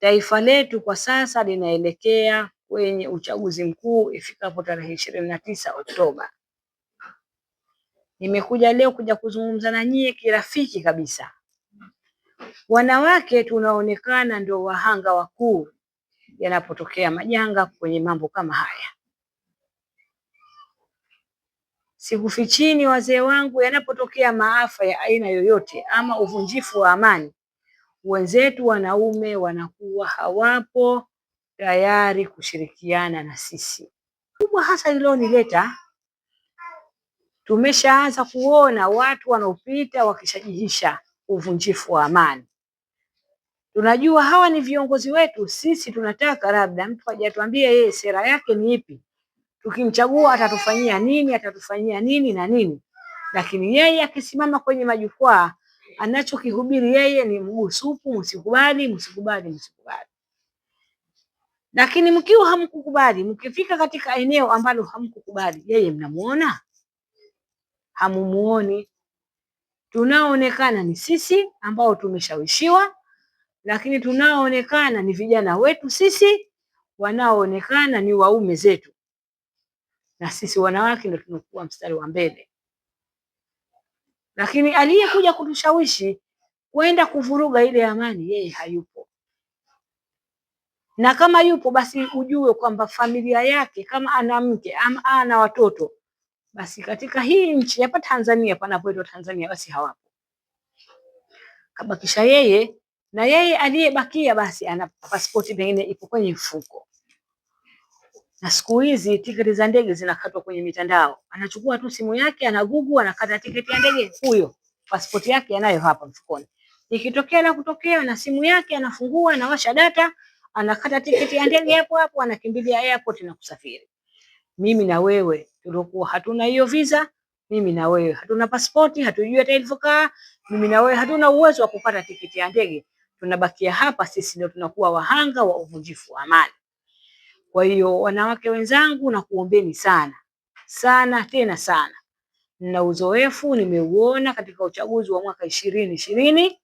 Taifa letu kwa sasa linaelekea kwenye uchaguzi mkuu ifikapo tarehe ishirini na tisa Oktoba. Nimekuja leo kuja kuzungumza na nyie kirafiki kabisa. Wanawake tunaonekana ndio wahanga wakuu yanapotokea majanga kwenye mambo kama haya. Sikufichini wazee wangu, yanapotokea maafa ya aina yoyote ama uvunjifu wa amani, wenzetu wanaume wanakuwa hawapo tayari kushirikiana na sisi. Kubwa hasa lililonileta, tumeshaanza kuona watu wanaopita wakishajihisha uvunjifu wa amani. Tunajua hawa ni viongozi wetu, sisi tunataka labda mtu hajatuambia yeye sera yake ni ipi, tukimchagua atatufanyia nini, atatufanyia nini na nini, lakini yeye akisimama kwenye majukwaa anachokihubiri yeye ni mguu supu, msikubali, msikubali, msikubali. Lakini mkiwa hamkukubali, mkifika katika eneo ambalo hamkukubali, yeye mnamuona? Hamumuoni. Tunaoonekana ni sisi ambao tumeshawishiwa, lakini tunaoonekana ni vijana wetu sisi, wanaoonekana ni waume zetu, na sisi wanawake ndio tunakuwa mstari wa mbele lakini aliyekuja kutushawishi kwenda kuvuruga ile amani, yeye hayupo, na kama yupo basi ujue kwamba familia yake, kama ana mke ama ana watoto, basi katika hii nchi hapa Tanzania, panapoitwa Tanzania, basi hawapo, kabakisha yeye na yeye aliyebakia, basi ana pasipoti pengine ipo kwenye mfuko na siku hizi tiketi za ndege zinakatwa kwenye mitandao. Anachukua tu simu yake, ana Google, anakata tiketi ya ndege. Huyo pasipoti yake anayo hapa mfukoni, ikitokea la kutokea, na simu yake anafungua, anawasha data, anakata tiketi ya ndege hapo hapo, anakimbilia airport na kusafiri. Mimi na wewe tulikuwa hatuna hiyo visa, mimi na wewe hatuna pasipoti, hatujui hata ilivyokaa, mimi na wewe hatuna uwezo wa kupata tiketi ya ndege, tunabakia hapa. Sisi ndio tunakuwa wahanga wa uvunjifu wa amani. Kwa hiyo wanawake wenzangu, nakuombeni sana sana tena sana, na uzoefu nimeuona katika uchaguzi wa mwaka ishirini ishirini,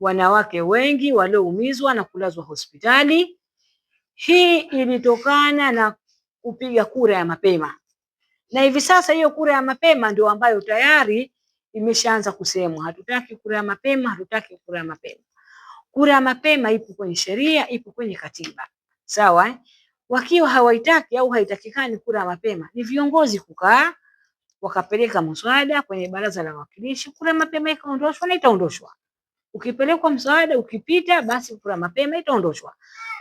wanawake wengi walioumizwa na kulazwa hospitali. Hii ilitokana na kupiga kura ya mapema, na hivi sasa hiyo kura ya mapema ndio ambayo tayari imeshaanza kusemwa, hatutaki kura ya mapema, hatutaki kura ya mapema. Kura ya mapema ipo kwenye sheria, ipo kwenye katiba, sawa eh? wakiwa hawaitaki au haitakikani kura mapema, ni viongozi kukaa wakapeleka mswada kwenye baraza la wawakilishi, kura mapema ikaondoshwa na itaondoshwa. Ukipelekwa mswada ukipita, basi kura mapema itaondoshwa.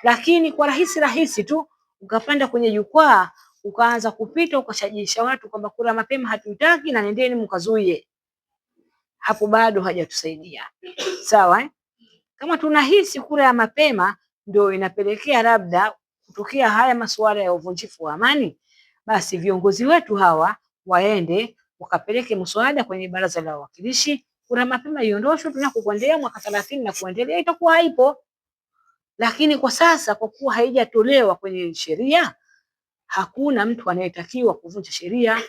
Lakini kwa rahisi rahisi tu ukapanda kwenye jukwaa ukaanza kupita ukashajiisha watu kwamba kura mapema hatuitaki na nendeni mkazuie, hapo bado hajatusaidia. Sawa eh? Kama tunahisi kura ya mapema ndio inapelekea labda yanapotokea haya masuala ya uvunjifu wa amani, basi viongozi wetu hawa waende wakapeleke mswada kwenye baraza la wawakilishi, kuna mapema iondoshwe tunakokuendea mwaka thelathini na kuendelea itakuwa haipo. Lakini kwa sasa kwa kuwa haijatolewa kwenye sheria, hakuna mtu anayetakiwa kuvunja sheria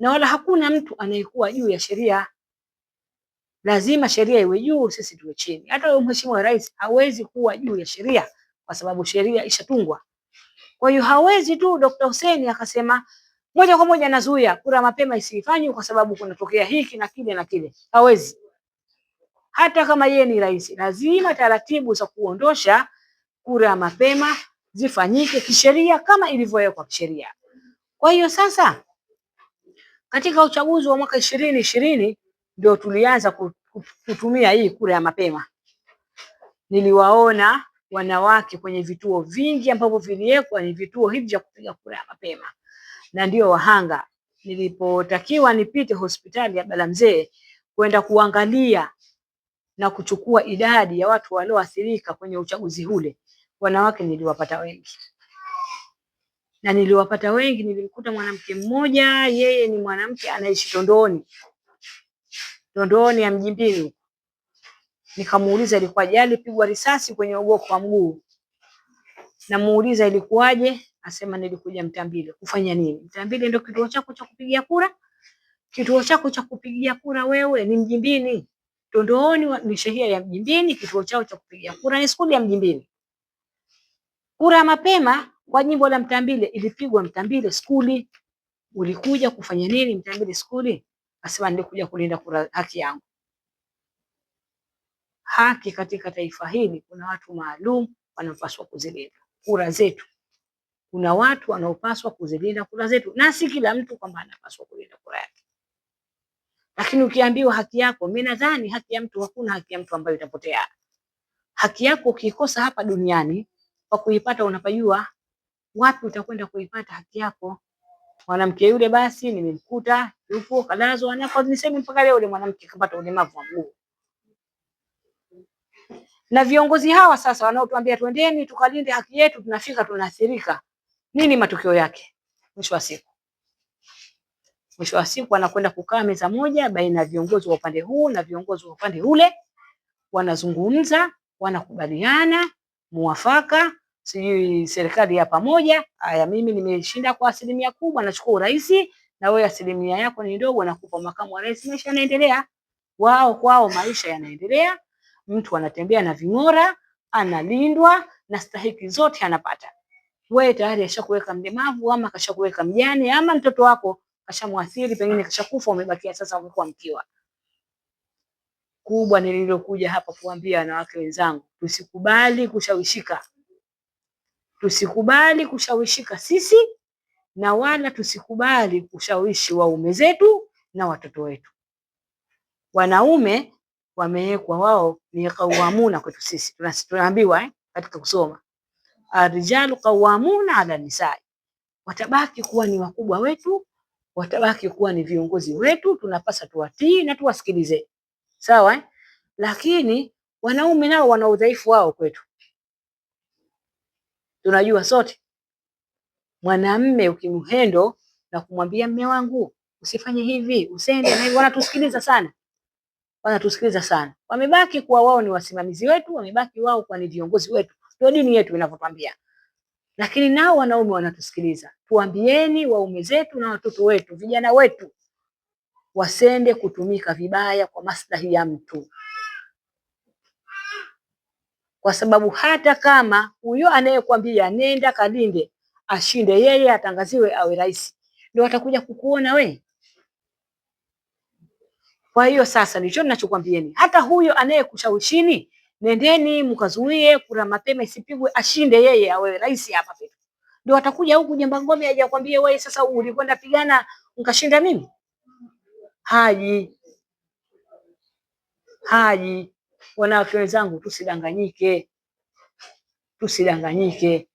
na wala hakuna mtu anayekuwa juu ya sheria. Lazima sheria iwe juu, sisi tuwe chini. Hata mheshimiwa rais hawezi kuwa juu ya sheria, kwa sababu sheria ishatungwa. Kwa hiyo hawezi tu Dr. Hussein akasema moja kwa moja nazuia kura mapema isifanywe kwa sababu kunatokea hiki na kile na kile. Hawezi. Hata kama yeye ni rais, lazima taratibu za kuondosha kura mapema zifanyike kisheria kama ilivyowekwa kisheria. Kwa hiyo sasa katika uchaguzi wa mwaka ishirini ishirini ndio tulianza kutumia hii kura ya mapema. Niliwaona wanawake kwenye vituo vingi ambavyo viliwekwa ni vituo hivi vya kupiga kura ya mapema, na ndio wahanga. Nilipotakiwa nipite hospitali ya Balamzee kwenda kuangalia na kuchukua idadi ya watu walioathirika kwenye uchaguzi ule, wanawake niliwapata wengi na niliwapata wengi. Nilimkuta mwanamke mmoja, yeye ni mwanamke anaishi Tondoni, Tondoni ya Mjimbini Nikamuuliza ilikuwa je, alipigwa risasi kwenye ugoko wa mguu. Namuuliza ilikuwaje? Asema nilikuja Mtambile. Kufanya nini? Mtambile ndio kituo chako cha kupigia kura. Kituo chako cha kupigia kura wewe ni Mjimbini. Dondooni ni shehia ya Mjimbini, kituo chao cha kupigia kura ni skuli ya Mjimbini. Kura mapema kwa jimbo la Mtambile ilipigwa Mtambile skuli. Ulikuja kufanya nini Mtambile skuli? Asema nilikuja kulinda kura haki yangu haki katika taifa hili, kuna watu maalum wanaopaswa kuzilinda kura zetu. Kuna watu wanaopaswa kuzilinda kura zetu, na si kila mtu kwamba anapaswa kulinda kura yake. Lakini ukiambiwa haki yako, mimi nadhani haki ya mtu, hakuna haki ya mtu ambayo itapotea. Haki yako ukikosa hapa duniani, kwa kuipata unapajua wapi utakwenda kuipata haki yako. Mwanamke yule basi nimemkuta yupo kalazo, kalazwa, niseme mpaka leo yule mwanamke kapata ulemavu wa mguu na viongozi hawa sasa wanaotuambia twendeni tukalinde haki yetu, tunafika tunaathirika. Nini matokeo yake? Mwisho wa siku, mwisho wa siku wanakwenda kukaa meza moja baina ya viongozi wa upande huu na viongozi wa upande ule, wanazungumza, wanakubaliana muwafaka, sijui serikali ya pamoja. Aya, mimi nimeshinda kwa asilimia kubwa, nachukua urais na wewe asilimia yako ni ndogo, nakupa makamu wa rais. Maisha yanaendelea, wao kwao, maisha yanaendelea mtu anatembea na ving'ora, analindwa na stahiki zote anapata. Wewe tayari ashakuweka mlemavu ama kashakuweka mjane ama mtoto wako kashamwathiri, pengine kashakufa, umebakia sasa umekuwa mkiwa. Kubwa nililokuja hapa kuambia wanawake wenzangu, tusikubali kushawishika, tusikubali kushawishika sisi na wala tusikubali kushawishi waume zetu na watoto wetu. Wanaume wamewekwa wao ni kawamuna kwetu sisi, tunaambiwa eh, katika kusoma arijalu kawamuna ala nisai, watabaki kuwa ni wakubwa wetu, watabaki kuwa ni viongozi wetu, tunapasa tuwatii na tuwasikilize, sawa eh? Lakini wanaume nao wana udhaifu wao kwetu, tunajua sote. Mwanamme ukimhendo na kumwambia mme wangu usifanye hivi, usende na hivi, wanatusikiliza sana wanatusikiliza sana, wamebaki kuwa wao ni wasimamizi wetu, wamebaki wao kuwa ni viongozi wetu, ndio dini yetu inavyotwambia. Lakini nao wanaume wanatusikiliza, tuambieni waume zetu na watoto wetu, vijana wetu wasende kutumika vibaya kwa maslahi ya mtu, kwa sababu hata kama huyo anayekwambia nenda kalinde ashinde, yeye atangaziwe awe rais, ndio atakuja kukuona wewe. Kwa hiyo sasa ndicho ninachokwambieni, hata huyo anayekushawishini nendeni mkazuie kura mapema isipigwe, ashinde yeye awe rais hapa petu, ndio atakuja huku Jemba Ngome akwambie wewe sasa ulikwenda pigana ukashinda mimi. Haji haji, wanawake wenzangu, tusidanganyike, tusidanganyike.